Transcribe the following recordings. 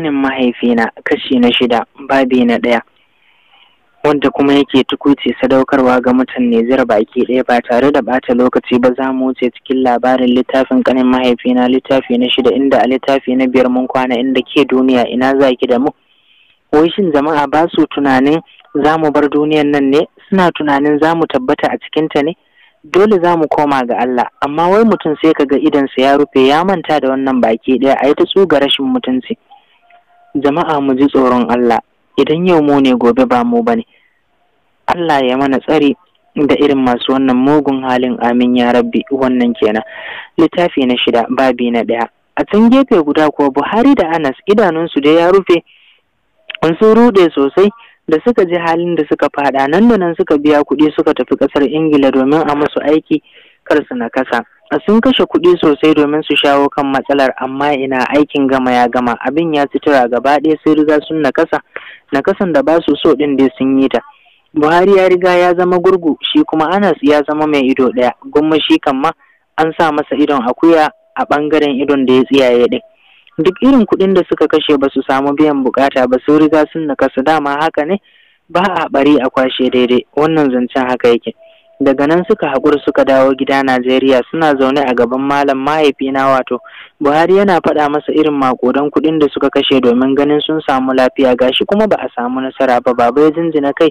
ƙanin mahaifina kashi na shida babi na ɗaya wanda kuma yake tukuci sadaukarwa ga mutum ne zira baki ɗaya ba tare da bata lokaci ba za mu wuce cikin labarin littafin ƙanin mahaifina littafi na shida inda a littafi na biyar mun kwana inda ke duniya ina za ki da mu wai shin jama'a ba su tunanin za mu bar duniyan nan ne suna tunanin za mu tabbata a cikinta ne dole za mu koma ga Allah amma wai mutum sai ka kaga idansa ya rufe ya manta da wannan baki ɗaya a yi ta tsuga rashin mutunci. jama'a mu ji tsoron Allah idan yau mu ne gobe ba mu bane Allah ya mana tsari da irin masu wannan mugun halin amin ya rabbi wannan kenan littafi na shida babi na ɗaya a can gefe guda kuwa buhari da anas idanunsu da ya rufe sun ruɗe sosai da suka ji halin da suka fada nan da nan suka biya kuɗi suka tafi ƙasar ingila domin a musu aiki kar su na kasa sun kashe kuɗi sosai domin su shawo kan matsalar amma ina aikin gama ya gama abin ya sutura gaba ɗaya sun riga sun nakasa nakasan da ba su so ɗin dai sun yi ta buhari ya riga ya zama gurgu shi kuma anas ya zama mai ido ɗaya gumma shi kan ma an sa masa idon akuya a ɓangaren idon da ya tsiyaye ɗin duk irin kuɗin da suka kashe ba su samu biyan bukata ba sun riga sun nakasa dama haka ne ba a bari a kwashe daidai wannan zancen haka yake daga nan suka haƙura suka dawo gida najeriya suna zaune a gaban malam mahaifina wato buhari yana faɗa masa irin makodan kuɗin da suka kashe domin ganin sun samu lafiya gashi kuma ba a samu nasara ba baba ya jinjina kai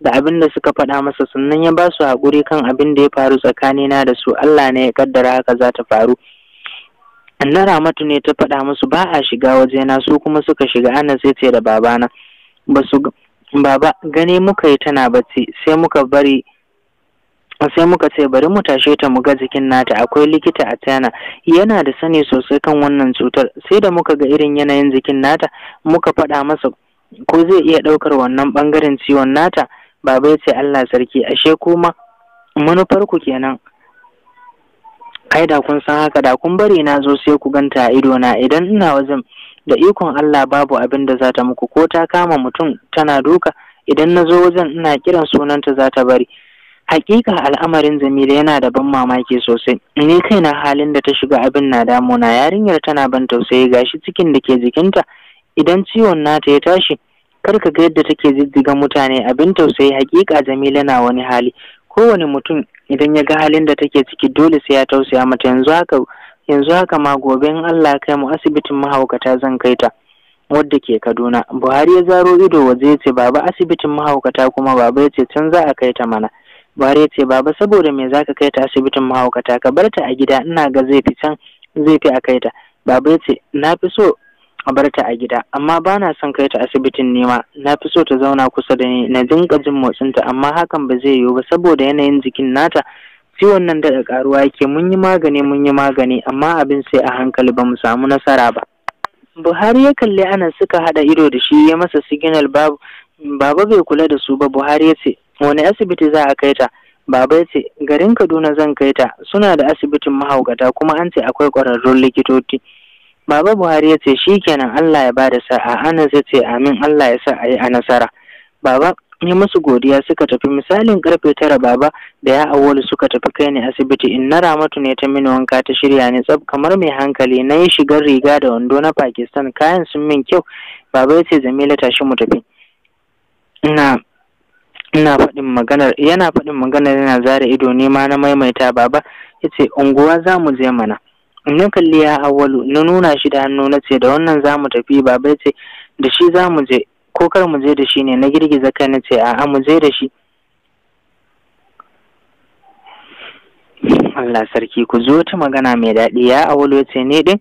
da abin da suka faɗa masa sannan ya basu su haƙuri kan abin da ya faru tsakanina da su allah ne ya kaddara haka za ta faru anna ramatu ne ta faɗa musu ba a shiga wajena su kuma suka shiga ana sai ce da babana ba su baba gane muka yi tana bacci sai muka bari sai muka ce bari mu tashe ta mu ga jikin nata akwai likita a tana yana da sani sosai kan wannan cutar sai da muka ga irin yanayin jikin nata muka faɗa masa ko zai iya ɗaukar wannan ɓangaren ciwon nata baba ya ce allah sarki ashe kuma manufar ku kenan ai da kun san haka da kun bari na zo sai ku ganta a ido na idan ina wajen da ikon allah babu abin da za ta muku ko ta kama mutum tana duka idan na zo wajen ina kiran sunanta za ta bari Hakika al'amarin Jamila yana da ban mamaki sosai. Ni kaina halin da ta shiga abin na na. yarinyar tana ban tausayi gashi cikin da ke jikinta idan ciwon nata ya tashi kar ka ga yadda take jijjiga mutane abin tausayi hakika Jamila na wani hali kowane mutum idan ya ga halin da take ciki dole sai ya tausaya mata yanzu haka yanzu haka ma gobe in Allah kai mu asibitin mahaukata zan kai ta wadda ke Kaduna Buhari ya zaro ido waje ya ce baba asibitin mahaukata kuma baba ya ce can za a kai ta mana Buhari ya ce baba saboda me zaka kai ta asibitin mahaukata ka bar ta a gida ina ga zai fi can zai fi a kai ta. Baba ya ce na fi so a bar ta a gida amma ba na son kai ta asibitin nema na fi so ta zauna kusa da ni na dinga jin motsin ta amma hakan ba zai yiwu ba saboda yanayin jikin nata ciwon nan da karuwa yake mun yi magani mun yi magani amma abin sai a hankali ba mu samu nasara ba. Buhari ya kalli ana suka haɗa ido da shi ya masa siginal babu Baba bai kula da su ba Buhari ya ce wani asibiti za a kai ta baba ce garin kaduna zan kai ta suna da asibitin mahaukata kuma an ce akwai ƙwararrun likitoci baba buhari ya ce shi kenan allah ya bada sa'a ana zai ce amin allah ya sa a yi a nasara baba yi musu godiya suka tafi misalin karfe tara baba da ya awwalu suka tafi kai ni asibiti in na ramatu ne ta mini wanka ta shirya ne? tsab kamar mai hankali na yi shigar riga da wando na pakistan kayan sun min kyau baba ya ce jamila tashi mu tafi na ina faɗin maganar yana faɗin maganar yana zara ido nema na maimaita baba ya ce unguwa za mu je mana na kalli ya Awalu na nuna shi da hannu na ce da wannan za mu tafi baba ya ce da shi za mu je ko kar mu je da shi ne na girgiza kai na ce a'a mu je da shi Allah sarki ku zo ta magana mai daɗi ya awalu ya ce ne din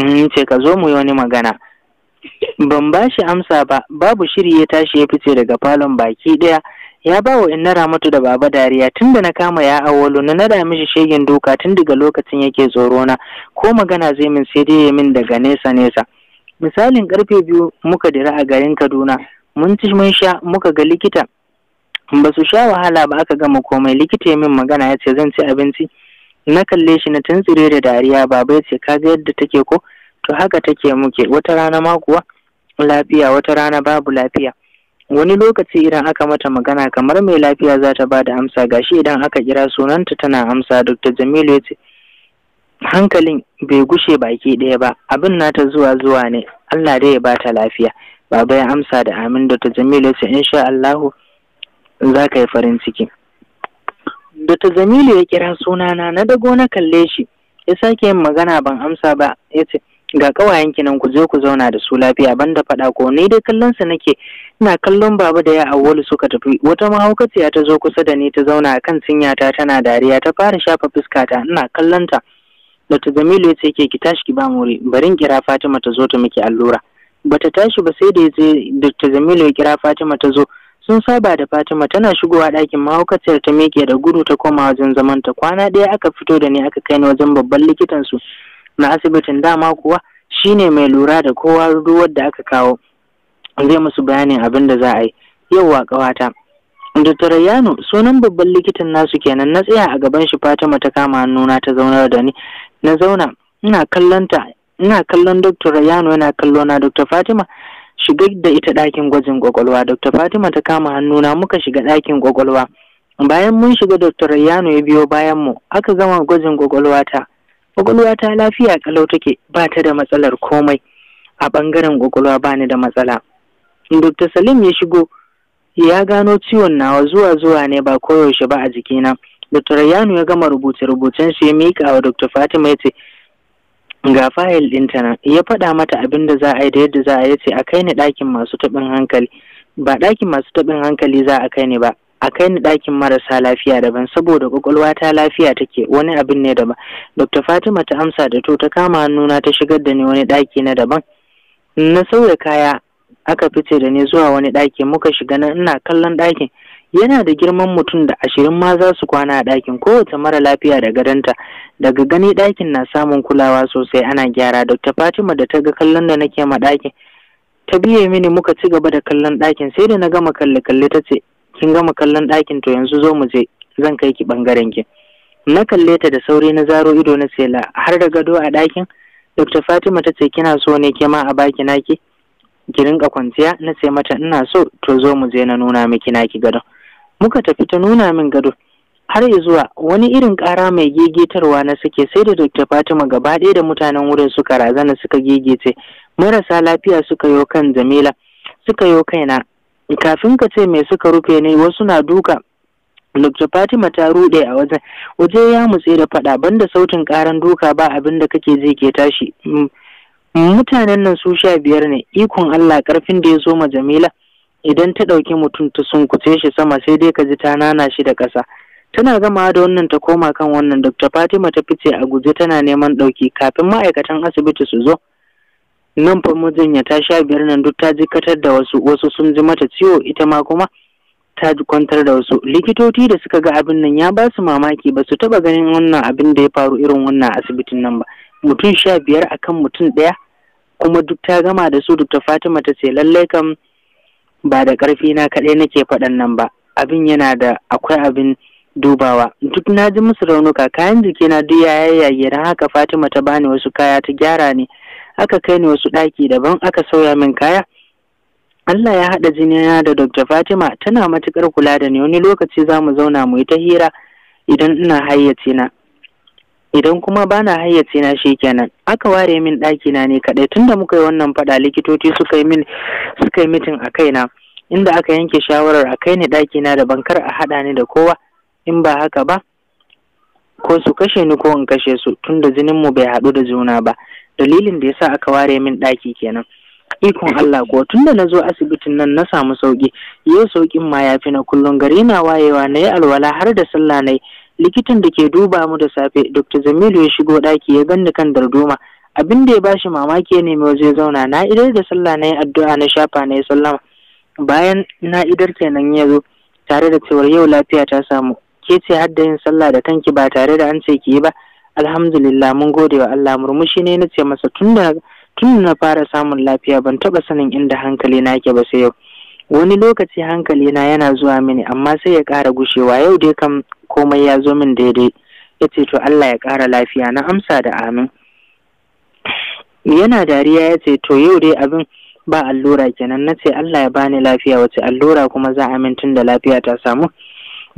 in mm, ce ka zo mu yi wani magana ban ba shi amsa ba babu shiri ya tashi ya fice daga falon baki ɗaya ya ba wa inna ramatu da baba dariya tun da na kama ya awolo na nada mishi shegen doka, tun daga lokacin yake tsoro na ko magana zai min sai dai min daga nesa nesa misalin karfe biyu muka dira a garin kaduna mun ci mun sha muka ga likita ba su sha wahala ba aka gama komai likita ya min magana ya ce zan ci abinci na kalle shi na tuntsire da dariya baba ya ce kaga yadda take ko to haka take muke wata rana ma kuwa lafiya wata rana babu lafiya wani lokaci idan aka mata magana kamar mai lafiya za ta ba da amsa gashi idan aka kira sunanta tana amsa dr jamilu ya ce hankalin bai gushe baki ɗaya ba abin nata zuwa zuwa ne allah dai ya bata lafiya baba ya amsa da amin dr jamilu ya ce insha allahu za ka yi farin ciki dr jamilu ya kira sunana na dago na kalle shi ya sake yin magana ban amsa ba ya ce ga kawayen kinan ku zo ku zauna da su lafiya banda faɗa ko ni dai kallon sa nake ina kallon baba da ya awwalu suka tafi wata mahaukaciya ta zo kusa da ni ta zauna kan akan ta, tana dariya ta fara shafa fuskata ina kallon ta Dr. Jamilu ya ce ki tashi ki ba muri barin kira Fatima ta zo ta miki allura bata tashi ba sai da ya ce Dr. Jamilu ya kira Fatima ta zo sun saba da Fatima tana shigowa ɗakin mahaukaciyar ta miƙe da gudu ta koma wajen zaman ta kwana ɗaya aka fito da ni aka kai ni wajen babban likitan su na asibitin dama kuwa shine mai lura da kowa ruwar da aka kawo zai musu bayanin abin da za a yi yauwa ƙawata da sunan babban likitan nasu kenan na tsaya a gaban shi fatima ta kama hannuna ta zaunar da ni na zauna ina kallon ta ina kallon dr rayano yana kallo na dr fatima shiga da ita ɗakin gwajin kwakwalwa dr fatima ta kama hannuna muka shiga ɗakin kwakwalwa bayan mun shiga dr rayano ya biyo bayan mu aka gama gwajin kwakwalwa ta kwakwalwa ta lafiya kalau take ba ta da matsalar komai a bangaren kwakwalwa ba ni da matsala dr salim ya shigo ya gano ciwon nawa zuwa zuwa ne ba koyaushe ba a jikina dr yanu ya gama rubuce-rubucen shi ya miƙa wa dr fatima ya ce ga fayil ɗinta nan ya faɗa mata abin da za a yi da yadda za a yi ce a kai ni ɗakin masu taɓin hankali ba ɗakin masu taɓin hankali za a kai ni ba a kai ni ɗakin marasa lafiya daban saboda kwakwalwa ta lafiya take wani abin ne daban dr fatima ta amsa da to ta kama hannuna ta shigar da ni wani ɗaki na daban na sauya kaya aka fice da ni zuwa wani ɗaki muka shiga na ina kallon ɗakin yana da girman mutum da ashirin ma za su kwana a ɗakin kowace mara lafiya da gadonta daga gani ɗakin na samun kulawa sosai ana gyara dr fatima da ta ga kallon da nake ma ɗakin ta biye mini muka ci gaba da kallon ɗakin sai da na gama kalle kalle ta ce kin gama kallon ɗakin to yanzu zo mu je zan kai ki ɓangaren ki na kalle ta da sauri na zaro ido na sela har da gado a ɗakin dr fatima ta ce kina so ne ke ma a baki naki ki rinka kwanciya na ce mata ina so to zo mu je na nuna miki naki gado muka tafi ta nuna min gado har zuwa wani irin ƙara mai gegetarwa na suke sai da dr fatima gaba ɗaya da mutanen wurin suka razana suka gegece marasa lafiya suka yo kan jamila suka yo kaina kafin ka ce mai suka rufe ne wasu na duka Dr. Fatima ta rude a wajen waje ya mutse da fada banda sautin karan duka ba abin da kake je ke tashi mm, mutanen nan su sha biyar ne ikon Allah karfin da ya zo ma Jamila idan ta ɗauki mutum ta sunkuce shi sama sai dai ka ji ta nana shi da ƙasa tana gama da wannan ta koma kan wannan Dr. Fatima ta fice a guje tana neman ɗauki kafin ma'aikatan asibiti su zo nan fa ta sha biyar nan duk ta jikatar da wasu wasu sun ji mata ciwo ita ma kuma ta kwantar da wasu likitoci da suka ga abin nan ya ba su mamaki ba su taba ganin wannan abin da ya faru irin wannan asibitin nan ba mutum sha biyar akan mutum ɗaya kuma duk ta gama da su duk ta fatima ta ce lallai kam ba da ƙarfi na kaɗai nake faɗan nan ba abin yana da akwai abin dubawa duk na ji musu raunuka kayan jikina duk ya yayyage na haka fatima ta bani wasu kaya ta gyara ne aka kai ni wasu ɗaki daban aka sauya min kaya Allah ya haɗa na da Dr. Fatima tana matuƙar kula da ni wani lokaci za mu zauna mu yi ta hira idan ina hayyace idan kuma bana hayyace na kenan aka ware min ɗaki na ne kaɗai tunda muka yi wannan faɗa likitoci suka yi min suka yi mitin a kaina inda aka yanke shawarar a kai ni ɗaki na da bankar a haɗa ni da kowa in ba haka ba ko su kashe ni ko in kashe su tunda jinin mu bai haɗu da juna ba dalilin da yasa aka ware min ɗaki kenan ikon Allah ko tun da na zo asibitin nan na samu sauki yau saukin ma ya fi na kullum gari na wayewa na yi alwala har da sallah na yi. likitan da ke duba mu da safe dr zamilu ya shigo ɗaki ya ganni kan darduma abin da ya bashi mamaki ne mai waje zauna na idar da sallah na yi addu'a na shafa na yi sallama bayan na idar kenan ya zo tare da cewar yau lafiya ta samu ke ce har da yin sallah da kanki ba tare da an ce ki yi ba alhamdulillah mun gode wa Allah murmushi ne na ce masa tunda tun na fara samun lafiya ban taba sanin inda hankali na ke ba sai yau wani lokaci hankali na yana zuwa mini amma sai ya ƙara gushewa yau dai kam komai ya zo min daidai ya ce to Allah ya ƙara lafiya na amsa da amin yana dariya ya ce to yau dai abin ba allura kenan na ce Allah ya bani lafiya wace allura kuma za a tun da lafiya ta samu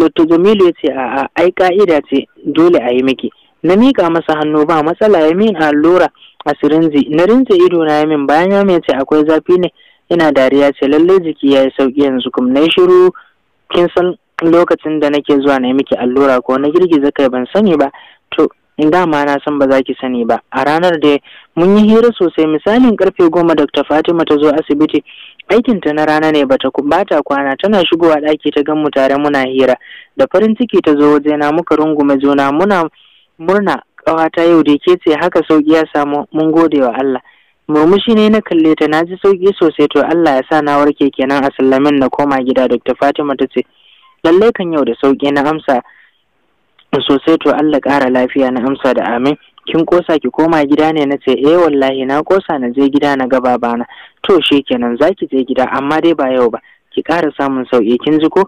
Dr. Jamilu ya ce a'a ai ka'ida ce dole a yi miki na miƙa masa hannu ba matsala ya min allura a sirinji na rinje ido na min bayan ya mai ce akwai zafi ne ina dariya ce lallai jiki ya yi sauƙi yanzu kuma na shiru kin san lokacin da nake zuwa na yi miki allura ko na girgiza kai ban sani ba to dama na san ba za ki sani ba a ranar da mun yi hira sosai misalin karfe goma dr fatima ta zo asibiti aikinta na rana ne bata bata kwana tana shigowa ɗaki ta gan mu tare muna hira da farin ciki ta zo wajena muka rungume juna muna murna ƙawata yau da ke ce haka sauƙi ya samu mun gode wa Allah murmushi ne na kalle ta na ji sauƙi sosai to Allah ya sa na warke kenan a sallamin na koma gida Dr. Fatima ta ce lalle kan yau da sauƙi na amsa sosai to Allah ƙara lafiya na amsa da amin kin kosa ki koma gida ne na ce eh wallahi na kosa na je gida na gaba bana. to kenan zaki je gida amma dai ba yau ba ki ƙara samun sauƙi kin ji ko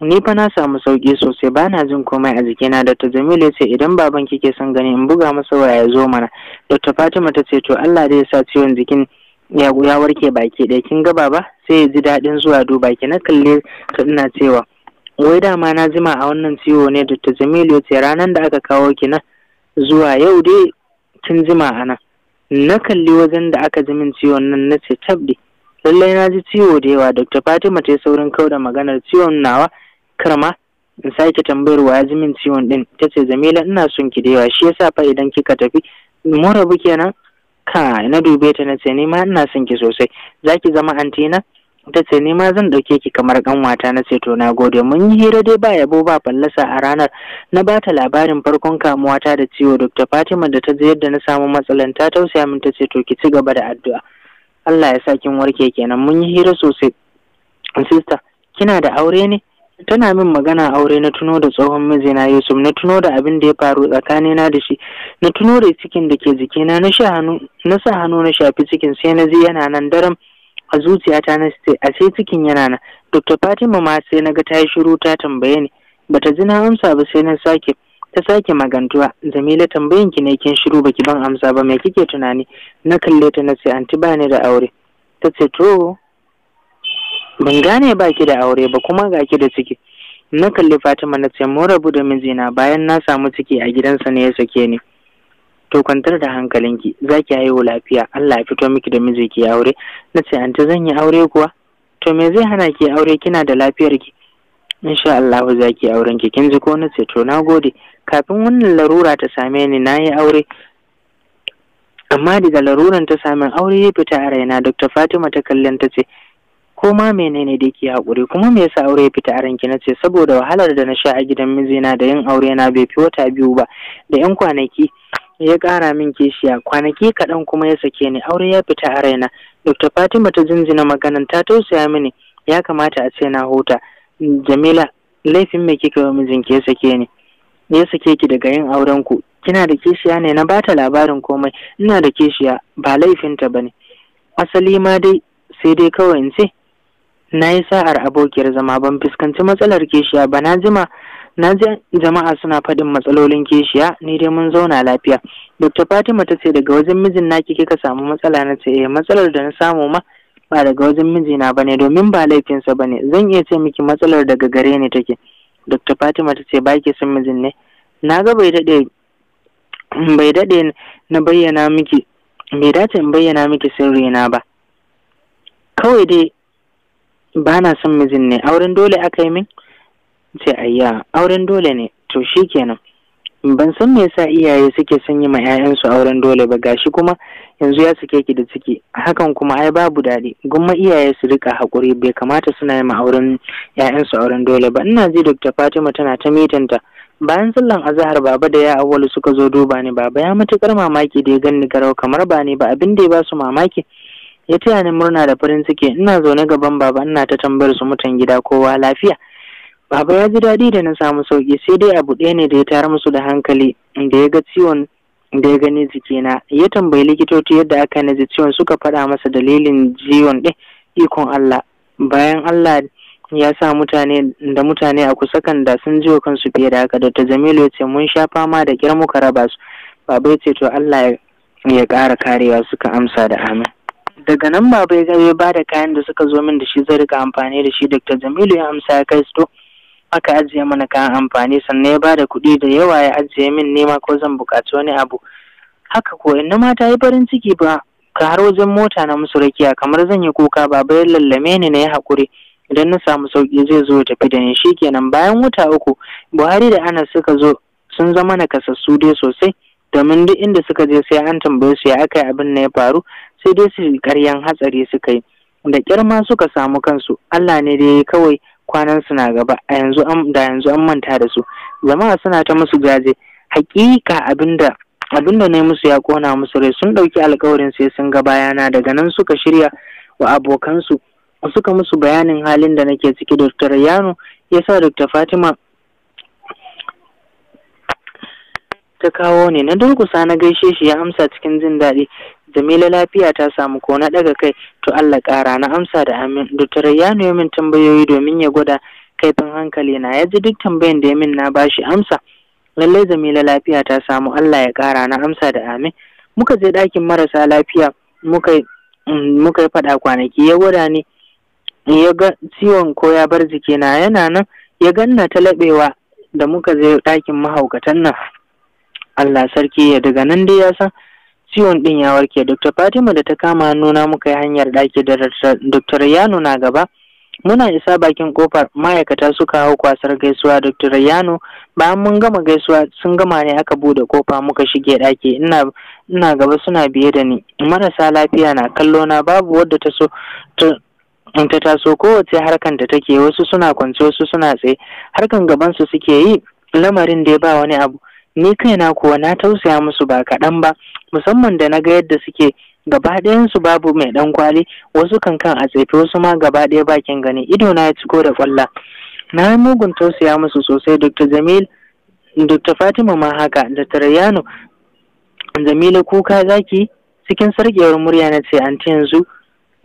ni fa na samu sauki sosai ba na jin komai a jikina da ta jamilu ya idan baban kike son gani in buga masa waya ya zo mana dr fatima ta ce to allah ya sa ciwon jikin ya warke baki ɗaya kin ga baba sai ya ji daɗin zuwa duba ki na kalle ta ina cewa wai dama na jima a wannan ciwo ne dr jamilu ya ce ranar da aka kawo ki na zuwa yau dai kin jima a nan na kalli wajen da aka ji min ciwon nan na ce tabdi lallai na ji ciwo da yawa dr fatima ta yi saurin da maganar ciwon nawa kar ma in sake tambayar wa ya min ciwon din ta ce jamila ina son ki da yawa shi yasa fa idan kika tafi mura bu kenan ka na dube ta na ce nima ina son ki sosai zaki zama antina ta ce nima zan dauke ki kamar wata na ce to na gode mun yi hira dai ba yabo ba fallasa a ranar na ba ta labarin farkon kamuwa ta da ciwo dr fatima da ta je yadda na samu matsalan ta tausaya min ta ce to ki ci gaba da addu'a allah ya sa kin warke kenan mun yi hira sosai Sista, kina da aure ne tana min magana aure na tuno da tsohon mijina Yusuf na tuno da abin da ya faru tsakanina da shi na tuno da cikin da ke jikina na sha hannu na sa hannu na shafi cikin sai na ji yana nan daram a zuciyata na sai a sai cikin yana nan Dr. Fatima ma sai na ga ta yi shiru ta tambaye ni bata ji na amsa ba sai na sake ta sake magantuwa Jamila tambayin ki ne kin shiru baki ban amsa ba me kike tunani na kalle ta na sai anti bani da aure ta ce to ban gane ba ki da aure ba kuma ga ki da ciki na kalli fatima na ce mun rabu da mijina bayan na samu ciki a gidansa ne ya sake ni to kwantar da hankalinki za ki haihu lafiya allah ya fito miki da miji ki aure na ce anti zan yi aure kuwa to me zai hana ki aure kina da lafiyar ki insha allah za ki auren ki kin ji ko na ce to na gode kafin wannan larura ta same ni na yi aure amma daga laruran ta samun aure ya fita a raina dr fatima ta kallon ta ce ko ma menene da ke haƙuri kuma me yasa aure ya fita a na ce saboda wahalar da na sha a gidan mijina da yin aure na bai fi wata biyu ba da yan kwanaki ya kara min kishiya kwanaki kaɗan kuma ya sake ni aure ya fita a raina dr fatima ta jinjina maganan ta tausaya mini ya kamata a ce na huta jamila laifin mai kika wa mijinki ya sake ni ya sake ki daga yin auren ku kina da kishiya ne na bata labarin komai ina da kishiya ba laifinta ba ne. asali ma dai sai dai kawai in ce na yi sa'ar abokiyar zama ban fuskanci matsalar kishiya ba na jima na ji jama'a suna faɗin matsalolin kishiya ni dai mun zauna lafiya dr fatima ta ce daga wajen mijin naki kika samu matsala na ce eh matsalar da na samu ma ba daga wajen mijina ba ne domin ba laifinsa ba ne zan iya ce miki matsalar daga gare ni take dr fatima ta ce ba ki son mijin ne na ga bai daɗe bai daɗe na bayyana miki bai dace in bayyana miki sirri na ba kawai dai ba na son mijin ne auren dole aka yi min Sai ayya auren dole ne to shi kenan ban san me yasa iyaye suke son yi ma 'ya'yansu auren dole ba gashi kuma yanzu ya suke ki da ciki hakan kuma ai babu daɗi gumma iyaye su rika haƙuri bai kamata suna yi ma auren 'ya'yansu auren dole ba ina ji dr fatima tana ta mitinta bayan sallan azahar baba da ya awwalu suka zo duba ni baba ya matukar mamaki da ya ganni garau kamar ba ne ba abin da ya ba su mamaki ya taya ni murna da farin ciki ina zaune gaban baba ina ta tambayar su mutan gida kowa lafiya baba ya ji daɗi da na samu sauki sai dai abu ɗaya ne da ya tayar musu da hankali da ya ga ciwon da ya gani jikina ya tambayi likitoci yadda aka naji ciwon suka faɗa masa dalilin jiwon ɗin ikon Allah bayan Allah ya sa mutane da mutane a kusa kan da sun jiwa kansu fiye da haka Dr. Jamilu ya ce mun sha fama da kyar muka raba su baba ya ce to Allah ya ƙara karewa suka amsa da amin daga nan baba ya ya ba da kayan da suka zo min da shi zai rika amfani da shi dr jamilu ya amsa ya kai sto aka ajiye mana kayan amfani sannan ya ba da kuɗi da yawa ya ajiye min nema ko zan buƙaci wani abu haka ko inna mata ta yi farin ciki ba ka har wajen mota na musu rakiya kamar zan yi kuka baba ya lallame ni na yi haƙuri idan na samu sauƙi zai zo ya tafi da ni shikenan bayan wata uku buhari da anas suka zo sun zama nakasassu dai sosai domin duk inda suka je sai an tambaye su ya aka yi abin na ya faru sai dai su karyan hatsari suka yi da kirma suka samu kansu Allah ne dai kawai kwanan suna gaba a yanzu da yanzu an manta da su jama'a suna ta musu gaje hakika abinda abinda ne musu ya kona musu rai sun ɗauki alkawarin sai sun ga bayana daga nan suka shirya wa abokansu suka musu bayanin halin da nake ciki Dr. Yano ya Dr. Fatima ta kawo ne na durkusa na gaishe shi ya amsa cikin jin daɗi jamila lafiya ta samu ko na ɗaga kai to allah ƙara na amsa da amin dottore ya nemi min tambayoyi domin ya gwada kaifin hankali na ya ji duk tambayan da ya min na bashi amsa lallai jamila lafiya ta samu allah ya ƙara na amsa da amin muka je ɗakin marasa lafiya muka mm, muka yi faɗa kwanaki ya gwada ni ya ga ciwon ko ya bar jiki na yana nan ya ganna ta laɓewa da muka je ɗakin mahaukatan nan Allah sarki ya daga nan dai ya san ciwon din ya warke Dr. Fatima da ta kama nuna muka yi hanyar ɗaki da Dr. Yano na gaba muna isa bakin kofar ma'aikata suka hau kwasar gaisuwa Dr. Yano bayan mun gama gaisuwa sun gama ne aka bude kofa muka shige ɗaki ina ina gaba suna biye da ni marasa lafiya na kallo na babu wadda ta so ta taso kowace harkan da take wasu suna kwance wasu suna tsaye harkan gaban su suke yi lamarin da ba wani abu ni kaina kuwa na tausaya musu ba kaɗan ba musamman da na ga yadda suke gaba ɗayansu babu mai ɗan kwali wasu kan a tsefe wasu ma gaba ɗaya bakin gani ido na ya ciko da kwalla na yi mugun tausaya musu sosai dr jamil dr fatima ma haka da tarayano jamila kuka zaki cikin sarkewar murya na ce anti yanzu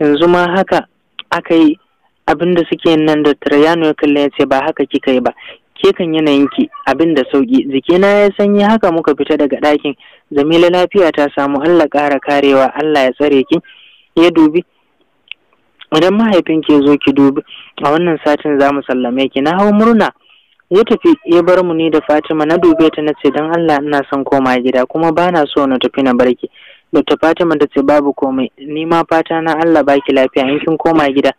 yanzu ma haka aka yi abin suke nan da tarayano ya kalle ya ce ba haka kika yi ba ke kan ki, abin da sauki jikina ya sanyi haka muka fita daga ɗakin zamila lafiya ta samu allah ƙara karewa allah ya tsare ki ya dubi idan mahaifin ke zo ki dubi a wannan satin za mu sallame ki na hau murna ya tafi ya bar mu ni da fatima na dube ta na ce don allah ina son koma gida kuma ba na so na tafi na barki dr fatima ta ce babu komai ni ma fata na allah baki lafiya in kin koma gida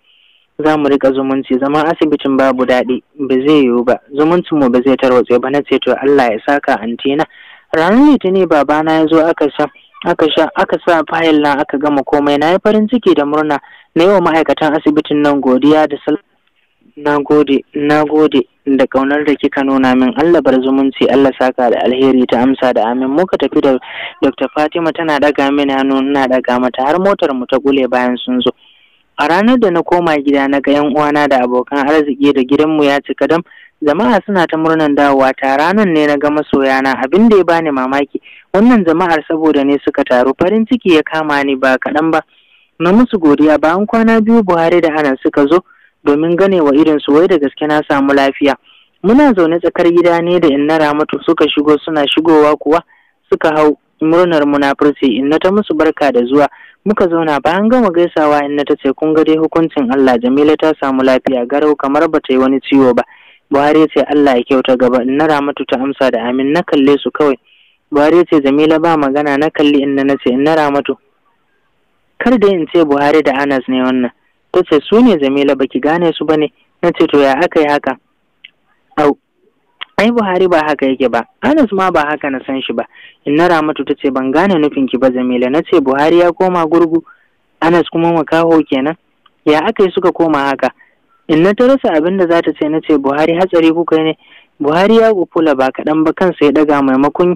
za mu rika zumunci zaman asibitin babu daɗi ba zai yiwu ba zumuncin mu ba zai tarwatse ba na ce to Allah ya saka antina ranar litinin babana ya zo aka sha aka sha aka sa fayil na aka gama komai na yi farin ciki da murna na yi wa ma'aikatan asibitin nan godiya da sal na gode na gode da kaunar da kika nuna min Allah bar zumunci Allah saka da alheri ta amsa da amin muka tafi da Dr. Fatima tana daga mini hannu na daga mata har motar mu ta gule bayan sun zo A ranar da na koma gida na ga yan uwana da abokan arziki da gidanmu ya cika dam, jama'a suna ta murnan dawowa ta ranar ne na ga masoyana abin da ya bani mamaki. Wannan jama'ar saboda ne suka taru farin ciki ya kama ni ba kaɗan ba. Na musu godiya bayan kwana biyu Buhari da Anan suka zo domin gane wa irin su wai da gaske na samu lafiya. Muna zaune tsakar gida ne da na Ramatu suka shigo suna shigowa kuwa suka hau murnar munafurci inna ta musu barka da zuwa. muka zauna bayan gama gaisawa inna ta ce kun gade hukuncin Allah Jamila ta samu lafiya garau kamar ba ta yi wani ciwo ba Buhari ya ce Allah ya kyauta gaba inna Ramatu ta amsa da amin na kalle su kawai Buhari ya ce Jamila ba magana na kalli inna na ce inna Ramatu kar da in ce Buhari da Anas ne wannan ta ce su ne Jamila baki gane su bane na ce to ya aka yi haka ai buhari ba haka yake ba anas ma ba haka na san shi ba inna ramatu ta ce ban gane nufin ki ba jamila na ce buhari ya koma gurgu anas kuma makaho kenan ya aka yi suka koma haka inna ta rasa abin da za ta ce na ce buhari hatsari kuka ne buhari ya gufula ba kaɗan ba kansa ya ɗaga maimakon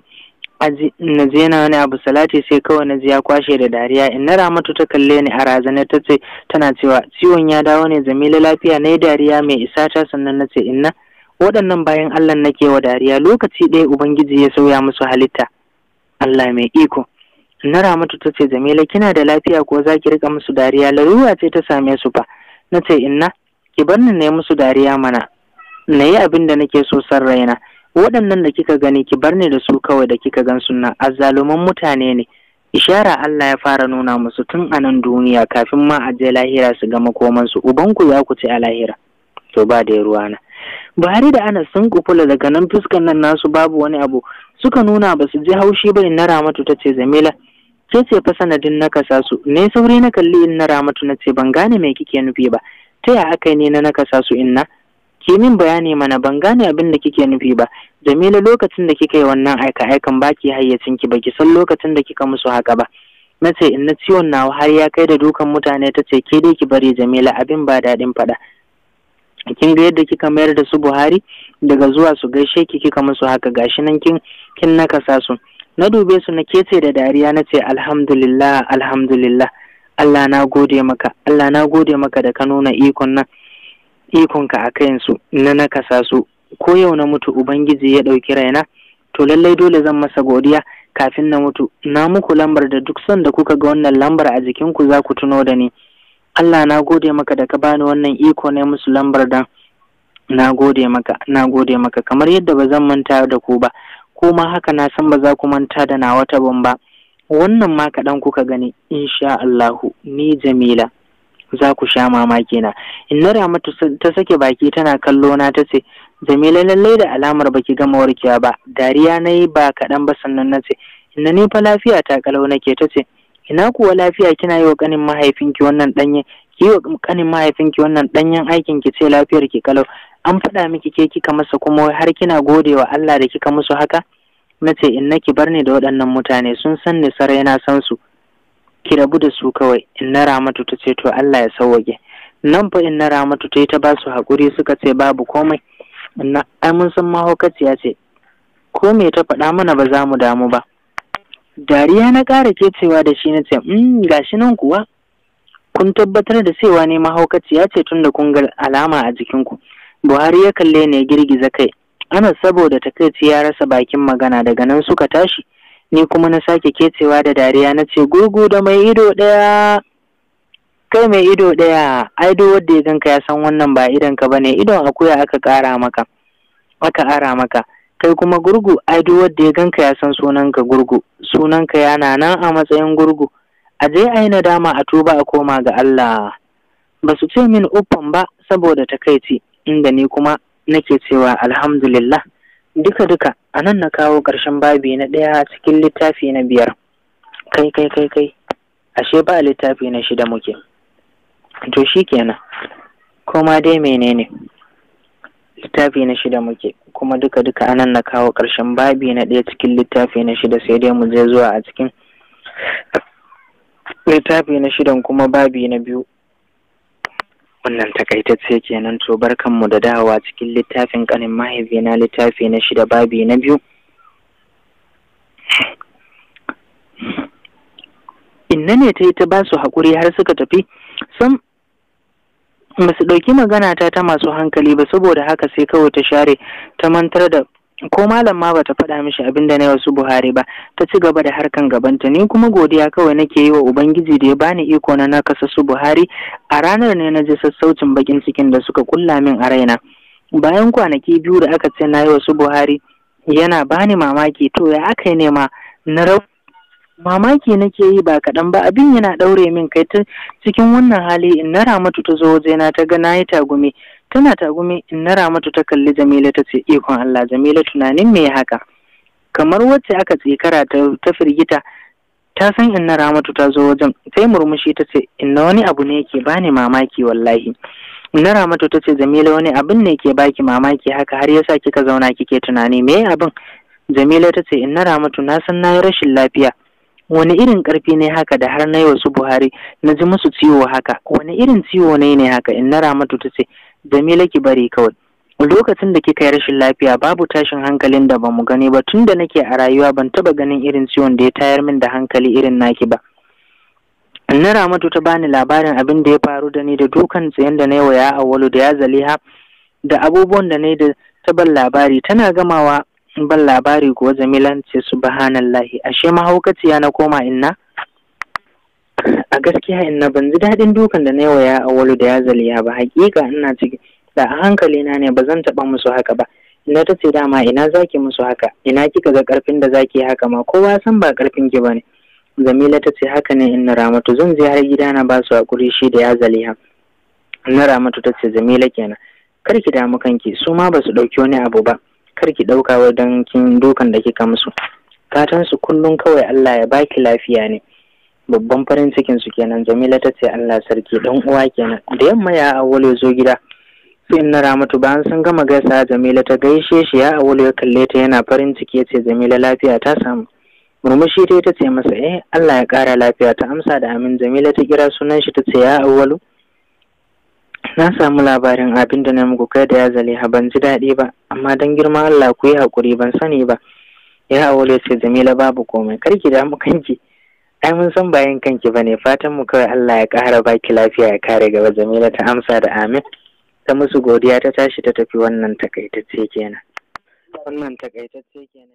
na je na wani abu salati sai kawai na ya kwashe da dariya in na ramatu ta kalle ni a razana ta ce tana cewa ciwon ya dawo ne jamila lafiya na dariya mai isata sannan na ce inna waɗannan bayan Allah nake wa dariya lokaci ɗaya Ubangiji ya sauya musu halitta. Allah mai iko. Na Ramatu ta ce Jamila kina da lafiya ko za ki rika musu dariya laruwa ce ta same su fa. Na ce inna ki bar ni na yi musu dariya mana. Na yi abin da nake so san raina. Waɗannan da kika gani ki bar ni da su kawai da kika gan sunna azzaluman mutane ne. Ishara Allah ya fara nuna musu tun a nan duniya kafin ma a je lahira su ga komansu, ubanku ya ku ce a lahira. To ba da na. buhari da ana sun kufula daga nan fuskan nan nasu babu wani abu suka nuna ba su ji haushi ba in na ramatu ta ce zamila ke ce fa sanadin na kasa su ne sauri na kalli in na ramatu na ce ban gane me kike nufi ba ta ya aka ne na na kasa su in na min bayani mana ban gane abin da kike nufi ba jamila lokacin da kika yi wannan aika aikan baki hayyacin ki ba ki san lokacin da kika musu haka ba na ce in na ciwon nawa har ya kai da dukan mutane ta ce ke dai ki bari jamila abin ba daɗin faɗa kin ga yadda kika mayar da su buhari daga zuwa su gaishe ki kika musu haka gashi nan kin kin nakasa su na dube su na kece da dariya na ce alhamdulillah alhamdulillah Allah na gode maka Allah na gode maka da ka nuna ikon nan ikonka a kayan su na nakasa su ko yau na mutu ubangiji ya ɗauki raina to lallai dole zan masa godiya kafin na mutu na muku lambar da duk sanda kuka ga wannan lambar a jikinku za ku tuno da ni Allah na gode maka da ka bani wannan iko na musu lambar dan na gode maka na gode maka kamar yadda ba zan manta da ku ba kuma haka na san ba za ku manta da na wata ban ba wannan ma kaɗan kuka gani insha Allahu ni Jamila za ku sha mamaki na inna Ramatu ta sake baki tana kallo na ta ce Jamila lallai da alamar baki gama warkewa ba dariya na yi ba kaɗan ba sannan na ce inna ni fa lafiya ta kalau nake ta ce ina kuwa lafiya kina yi wa kanin mahaifinki wannan ɗanyen? ki yi wa kanin mahaifinki wannan danyen aikin ki ce lafiyar ki kalau an faɗa miki ke kika masa kuma har kina gode wa Allah da kika musu haka na ce in naki bar ni da waɗannan mutane sun san ni sarai na san su ki rabu da su kawai in na ramatu ta ce to Allah ya sauwage nan fa in na ramatu ta yi ta ba su haƙuri suka ce babu komai ai mun san mahaukaciya ce ko me ta faɗa mana ba za mu damu ba dariya na ƙara kecewa da shi na ce mm, ga shi nan kuwa kun tabbatar da cewa ne mahaukaciya ce tun da kun ga alama a jikinku buhari ya kalle ne girgiza kai ana saboda takaici ya rasa bakin magana daga nan suka tashi ni kuma na sake kecewa da dariya na ce gugu da mai ido ɗaya kai mai ido ɗaya ai do wanda ya ganka ya san wannan ba idon ka bane idon akuya aka ƙara maka aka ara maka kai kuma gurgu ai duk wanda ya ganka ya san sunanka gurgu sunanka yana nan a matsayin gurgu a je ai nadama a tuba a koma ga Allah ba su ce min uffan ba saboda takaici inda ni kuma nake cewa alhamdulillah duka duka a nan na kawo ƙarshen babi na ɗaya cikin littafi na biyar kai kai kai kai ashe ba littafi na shida muke to shikenan koma dai menene littafi na shida muke kuma duka duka anan na kawo ƙarshen babi na ɗaya cikin littafi na shida sai dai mu je zuwa a cikin littafi na shidan kuma babi na biyu wannan takaitacce kenan to barkan mu da dawowa cikin littafin kanin mahaifi na littafi na shida babi na biyu inna ne ta yi ta basu haƙuri har suka tafi ba ɗauki magana ta ta masu hankali ba saboda haka sai kawai ta share ta mantar da ko malam ma bata faɗa mishi abin da na wasu Buhari ba ta ci gaba da harkan gabanta ni kuma godiya kawai nake yi wa ubangiji da ya bani iko na nakasa su Buhari a ranar ne na ji sassaucin bakin cikin da suka kulla min a raina bayan kwanaki biyu da aka ce na yi wasu Buhari yana bani mamaki to ya aka yi nema na rau mamaki nake yi ba kaɗan ba abin yana ɗaure min kai ta cikin wannan hali in na ramatu ta zo wajena ta ga nayi tagumi tana tagumi in na ramatu ta kalli jamila ta ce ikon allah jamila tunanin me haka kamar wacce aka tsikara ta firgita ta san in na ramatu ta zo wajen sai murmushi ta ce in wani abu ne ke bani mamaki wallahi na ramatu ta ce jamila wani abin ne ke baki mamaki haka har yasa kika zauna kike tunani me abin jamila ta ce in na ramatu na san na yi rashin lafiya wani irin karfi ne haka da har na yi wasu buhari na ji musu ciwo haka wani irin ciwo ne ne haka in na ramatu ta ce jamila ki bari kawai lokacin da kika yi rashin lafiya babu tashin hankalin da bamu gani ba tun da nake a rayuwa ban taba ganin irin ciwon da ya tayar min da hankali irin naki ba na ramatu ta bani labarin abin da ya faru da ni da dukan tsayen da na yi wa ya awalu da ya zaliha da abubuwan da na da ta labari tana gamawa sun ban labari kuwa jamilan ce subhanallahi ashe mahaukaciya na koma inna a gaskiya inna ban ji daɗin dukan da na yawa ya awalu da ya zaliya ba hakika ina ciki da a hankali na ne ba zan taɓa musu haka ba ina ta ce dama ina zaki musu haka ina kika ga ƙarfin da zaki haka ma kowa san ba ƙarfin ki bane zamila ta ce haka ne in ramatu zan je har gida na ba su hakuri shi da ya zaliha inna ramatu ta ce jamila kenan kar ki damu kanki su ma ba su ɗauki wani abu ba kar ki ɗauka wajen kin dukan da kika musu fatan su kullum kawai Allah ya baki lafiya ne babban farin cikin su kenan Jamila ta ce Allah sarki dan uwa kenan da yamma ya awwalo zo gida su na Ramatu bayan sun gama gaisa Jamila ta gaishe shi ya awwalo ya kalle ta yana farin ciki ya ce Jamila lafiya ta samu murmushi ta ce masa eh Allah ya kara lafiya ta amsa da amin Jamila ta kira sunan shi ta ce ya awwalu na samu labarin abin da na muku kai da ya zale ban ji daɗi ba amma don girma Allah ku yi haƙuri ban sani ba ya aure ce jamila babu komai kar ki damu kanki ai mun san bayan kanki ba ne fatan mu kawai Allah ya ƙara baki lafiya ya kare gaba jamila ta amsa da amin ta musu godiya ta tashi ta tafi wannan takaitacce kenan wannan takaitacce kenan